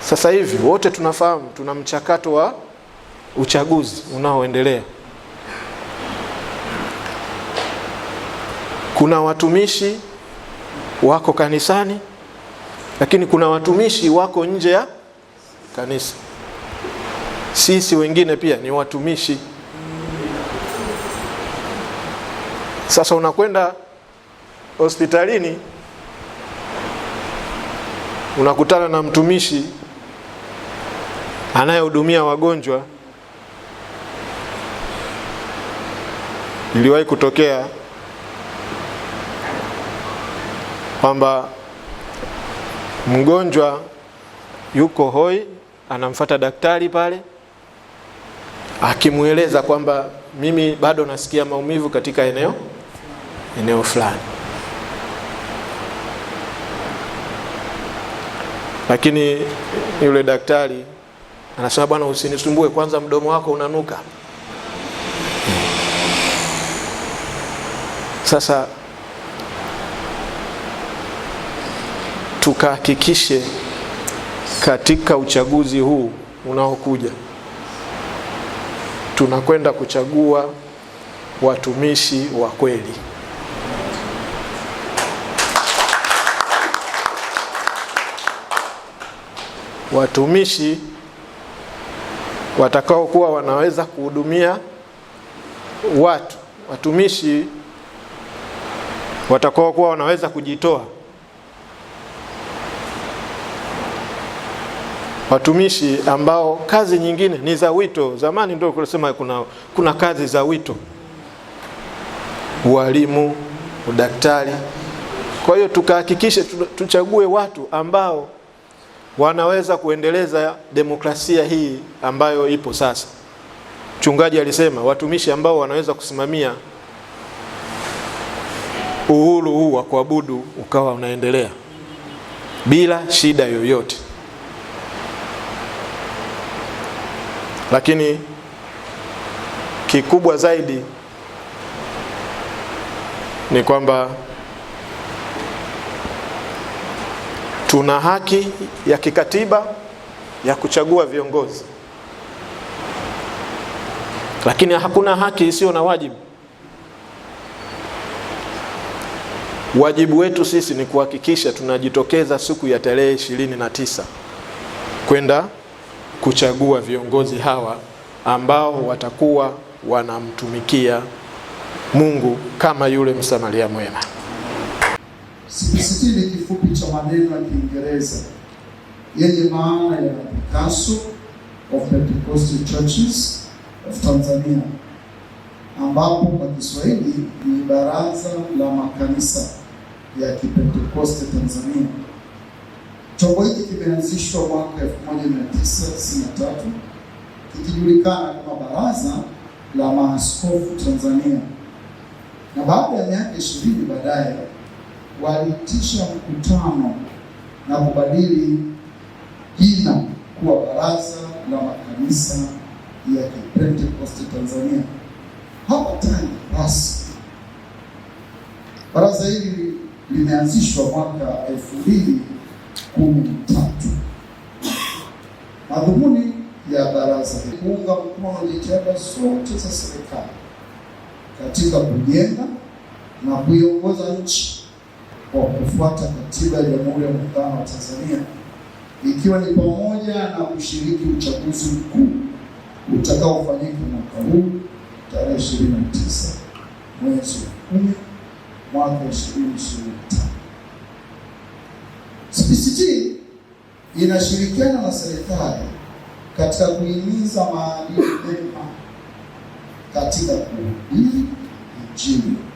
Sasa hivi wote tunafahamu tuna mchakato wa uchaguzi unaoendelea. Kuna watumishi wako kanisani, lakini kuna watumishi wako nje ya kanisa. Sisi wengine pia ni watumishi. Sasa unakwenda hospitalini unakutana na mtumishi anayehudumia wagonjwa. Iliwahi kutokea kwamba mgonjwa yuko hoi, anamfata daktari pale, akimweleza kwamba mimi bado nasikia maumivu katika eneo eneo fulani, lakini yule daktari anasema bwana, usinisumbue kwanza, mdomo wako unanuka. Sasa tukahakikishe katika uchaguzi huu unaokuja tunakwenda kuchagua watumishi wa kweli. Watumishi watakaokuwa wanaweza kuhudumia watu watumishi watakaokuwa wanaweza kujitoa watumishi ambao kazi nyingine ni za wito. Zamani ndio kulisema kuna, kuna kazi za wito, ualimu, udaktari. Kwa hiyo tukahakikishe tuchague watu ambao wanaweza kuendeleza demokrasia hii ambayo ipo sasa. Mchungaji alisema watumishi ambao wanaweza kusimamia uhuru huu wa kuabudu ukawa unaendelea bila shida yoyote. Lakini kikubwa zaidi ni kwamba Tuna haki ya kikatiba ya kuchagua viongozi, lakini hakuna haki isiyo na wajibu. Wajibu wetu sisi ni kuhakikisha tunajitokeza siku ya tarehe ishirini na tisa kwenda kuchagua viongozi hawa ambao watakuwa wanamtumikia Mungu kama yule Msamaria mwema ni kifupi cha maneno ya Kiingereza yenye maana ya Picasso of Pentecostal Churches of Tanzania, ambapo kwa Kiswahili ni Baraza la Makanisa ya Kipentekoste Tanzania. Chombo hiki kimeanzishwa mwaka 1993 kikijulikana kama Baraza la Maaskofu Tanzania, na baada ya miaka ishirini baadaye walitisha mkutano na kubadili jina kuwa Baraza la Makanisa ya Kipentekoste Tanzania. Hapo rasmi baraza hili limeanzishwa mwaka elfu mbili kumi na tatu. Madhumuni ya baraza ni kuunga mkono jitihada zote za serikali katika kujenga na kuiongoza nchi kwa kufuata katiba ya Jamhuri ya Muungano wa Tanzania, ikiwa ni pamoja na kushiriki uchaguzi mkuu utakaofanyika mwaka huu tarehe 29 mwezi wa 10 mwaka 2025. CPCT inashirikiana na serikali katika kuhimiza maadili mema katika kuhubiri Injili